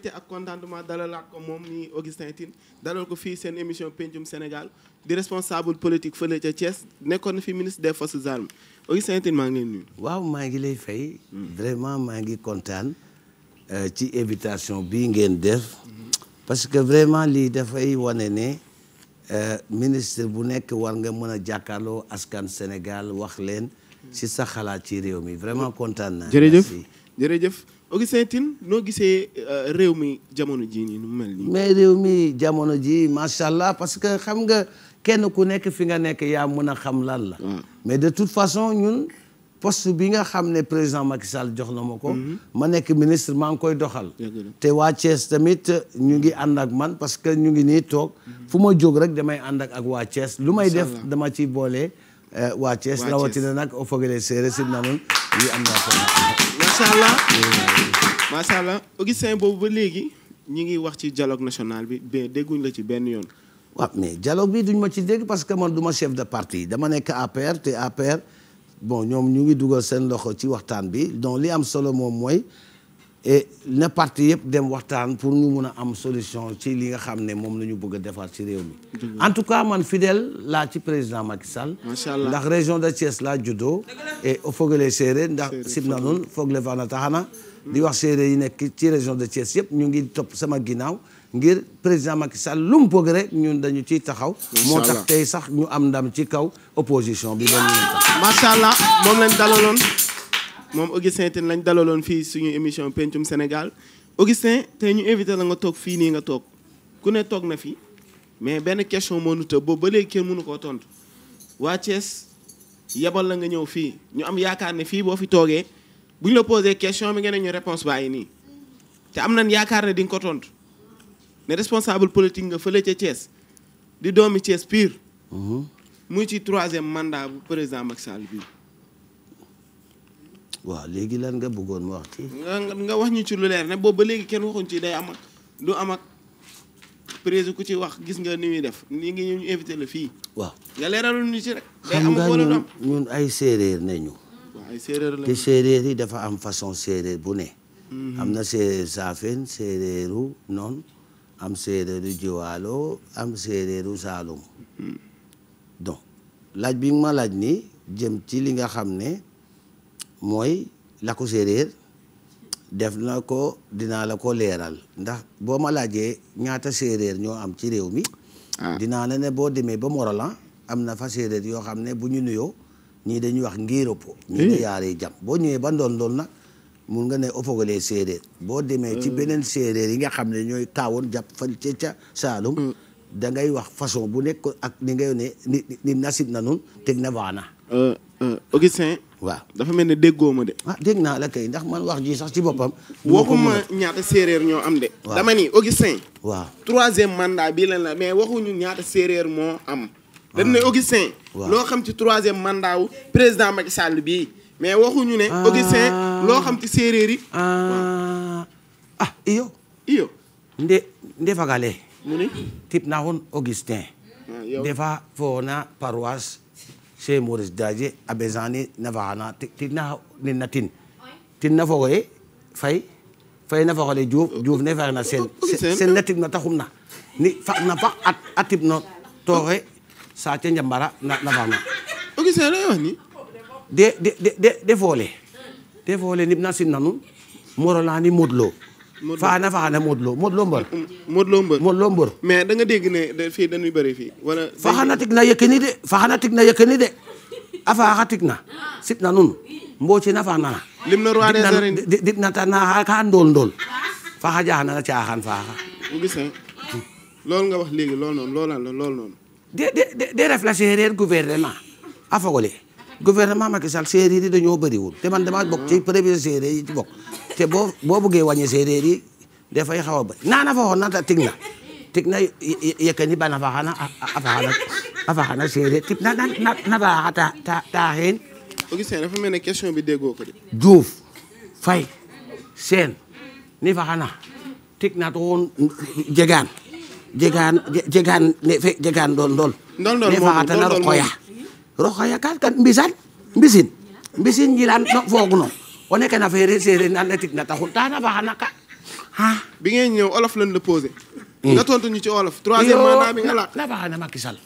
mbégte ak contentement dalalaat ko moom mi Augustin Tine dalal ko fi seen émission pencum Sénégal di responsable politique fële ca Thiès nekkoon fi ministre des forces armées Augustin Tine maa ngi leen waaw maa ngi lay fay. Hmm. vraiment maa ngi kontaan euh, ci invitation bii ngeen def. parce que vraiment lii dafay wane ne euh, ministre bu nekk war nga mën a jàkkaarloo askan Sénégal wax leen. ci sa xalaat ci réew mi vraiment kontaan naa. jërëjëf jërëjëf. Augustin Tine noo gisee euh, réew mi jamono jii nii nu mel nii. mais réew mi jamono ji macha allah parce que xam nga kenn ku nekk fi nga nekk yaa mën a xam lan la. Mm. mais de toute façon ñun poste bi nga xam ne président Macky Sall jox na ma ko. Mm-hmm. ma nekk ministre maa ngi koy doxal. te waa Thiès tamit ñu ngi ànd ak man parce que ñu ngi nii toog. Mm-hmm. fu ma jóg rek damay ànd ak ak waa Thiès. lu may def dama ci boole. Eh, waa Thiès rawatina nag o fogele séeréer si naanun yi am naa ko macha allah macha allah Augustin boobu ba léegi ñu ngi wax ci dialogue national bi dégguñ la ci benn yoon waaw mais dialogue bi duñ ma ci dégg parce que man du ma chef de parti dama nekk APR te APR bon ñoom ñu ngi dugal seen loxo ci waxtaan bi donc li am solo moom mooy et na parti yëpp dem waxtaan pour ñu mun a am solution ci li nga xam ne moom la ñu bëgg a defar ci réew mi. en tout cas man fidèle laa ci président Macky Sall. macha allah ndax région de Thiès laa juddoo. et foogale séeréer ndax sib na noonu foog le fana taxana di wax séeréer yi nekk ci région de Thiès yëpp ñu ngi topp sama ginnaaw. ngir président Macky Sall lu mu bëgg rek ñun dañu ciy taxaw. moo tax tey sax ñu am ndam ci kaw opposition bi. macha allah moom lañ dalaloon. moom Augustin Tine lañ dalaloon fii suñu émission pencum Sénégal Augustin te ñu invité la nga toog fii nii nga toog ku ne toog na fii mais benn question moo nu tëb boobu ba léegi kenn mënu koo tontu waa Thiès yebal la nga ñëw fii ñu am yaakaar ne fii boo fi toogee bu ñu la posé question bi nga ne ñu réponse bàyyi nii te am nañ yaakaar ne di ko tontu ne responsable politique nga fële ca Thiès di doomi Thiès pire. Mhm. muy ci troisième mandat bu président Macky Sall bii. waaw léegi lan nga buggoon ma wax nga wax ñu ci lu leer ne boobu ba léegi kenn waxuñ ci day am ak du am ak président ku ci wax gis nga ni muy def nii ngi ñu invité la fii. waaw nga leeralal ñu ci rek. xam nga ñun ay séeréer nañu. waaw séeréer la te séeréer yi dafa am façon séeréer bu ne. Mhm. am na séeréer saafeen séeréeru noon am séeréeru jiwaalo am séeréeru saalum mhm. donc laaj bi nga ma laaj ni jëm ci li nga xam ne mooy lakku séeréer def na ko dinaa la ko leeral ndax boo ma laajee ñaata séeréer ñoo am ci réew mi ah. dinaa la ne boo demee ba Morolan am na fa séeréer yoo xam ne bu ñu nuyoo ñii dañuy wax ngiiropo eh. ñii ne yaaree jam boo ñëwee ba ndool ndool nag mun nga ne o fogalee séeréer boo demee ci eh. beneen séeréer yi nga xam ne ñooy kaawoon jàpp fa ca ca Saalum hmm. dangay wax façon bu nekk ak ni ngay ne ni nasit na nun teg na waana eh, waaw dafa mel ne déggoo ma de. ah dégg naa la kay ndax man wax ji sax ci boppam. waxuma ñaata séeréer ñoo am de. dama ni Augustin. waaw troisième mandat bi lan la mais waxuñu ñaata séeréer moo am. Ah. dañ ne Augustin. loo xam ci troisième mandat wu président Macky Sall mais waxuñu ne. Ah. Augustin loo xam ci séeréer yi. ah, ah iyo. iyo. nde nde tip na hun Augustin. defa foona paroisse. semoris daje abe sani nafaxana tinna tin tin na fogoye fay fay na faxole juuf juuf ne faxna sen sen na timna taxum na ni fana fax a tib no tooxe saate njambara nafaxna o gisene wax de de de foole de foole nib na simna nun morolani modlo faana faana Modou Lo Modou Lo mbër. Modou Lo mbër Modou Lo mbër. da nga dégg ne fii dañuy bëri fii wala. faxana tig na yëkkani de de afaaxa tig na sit na nun mbooci na faana. na roi des arènes na dit na ta naa ka ndóol ndóol faxa jaaxana la caaxaan faxa. gis nga wax léegi loolu noonu loolaan la loolu noonu. de de de ref dañoo bëriwul te man damaa bokk ci premier séeréer yi ci bokk. te boo boo bëggee wàññi séeréer yi dafay xaw a bëri naana fo xoon nata tig na tig na yekeni ba nafa xana a fa xana séeréer tip na nafa xa taaxeen Augustin dafa mel ne question bi déggoo ko de Diouf Faye Sène ni fa xana tig na toxoon jegaan jegaan jegaan ne fe jegaan ndol ndol ne fa xatana roqoya roqoya ka kan mbisan mbisin mbisin njiran no foog no o neke na feere seereer naan tig na taxul taana faxana ka bi ngeen ñëw olof lañ la posé hmm. nga tontu ñu ci olof troisième mandat bi nga na faxana Macky Sall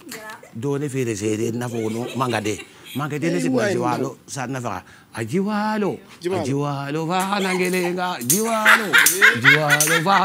doone feere eh, na foono mangade mangade ne simna jiwaalo saan na faxa a jiwaalo a jiwaalo a ngele nga jiwaalo jiwaalo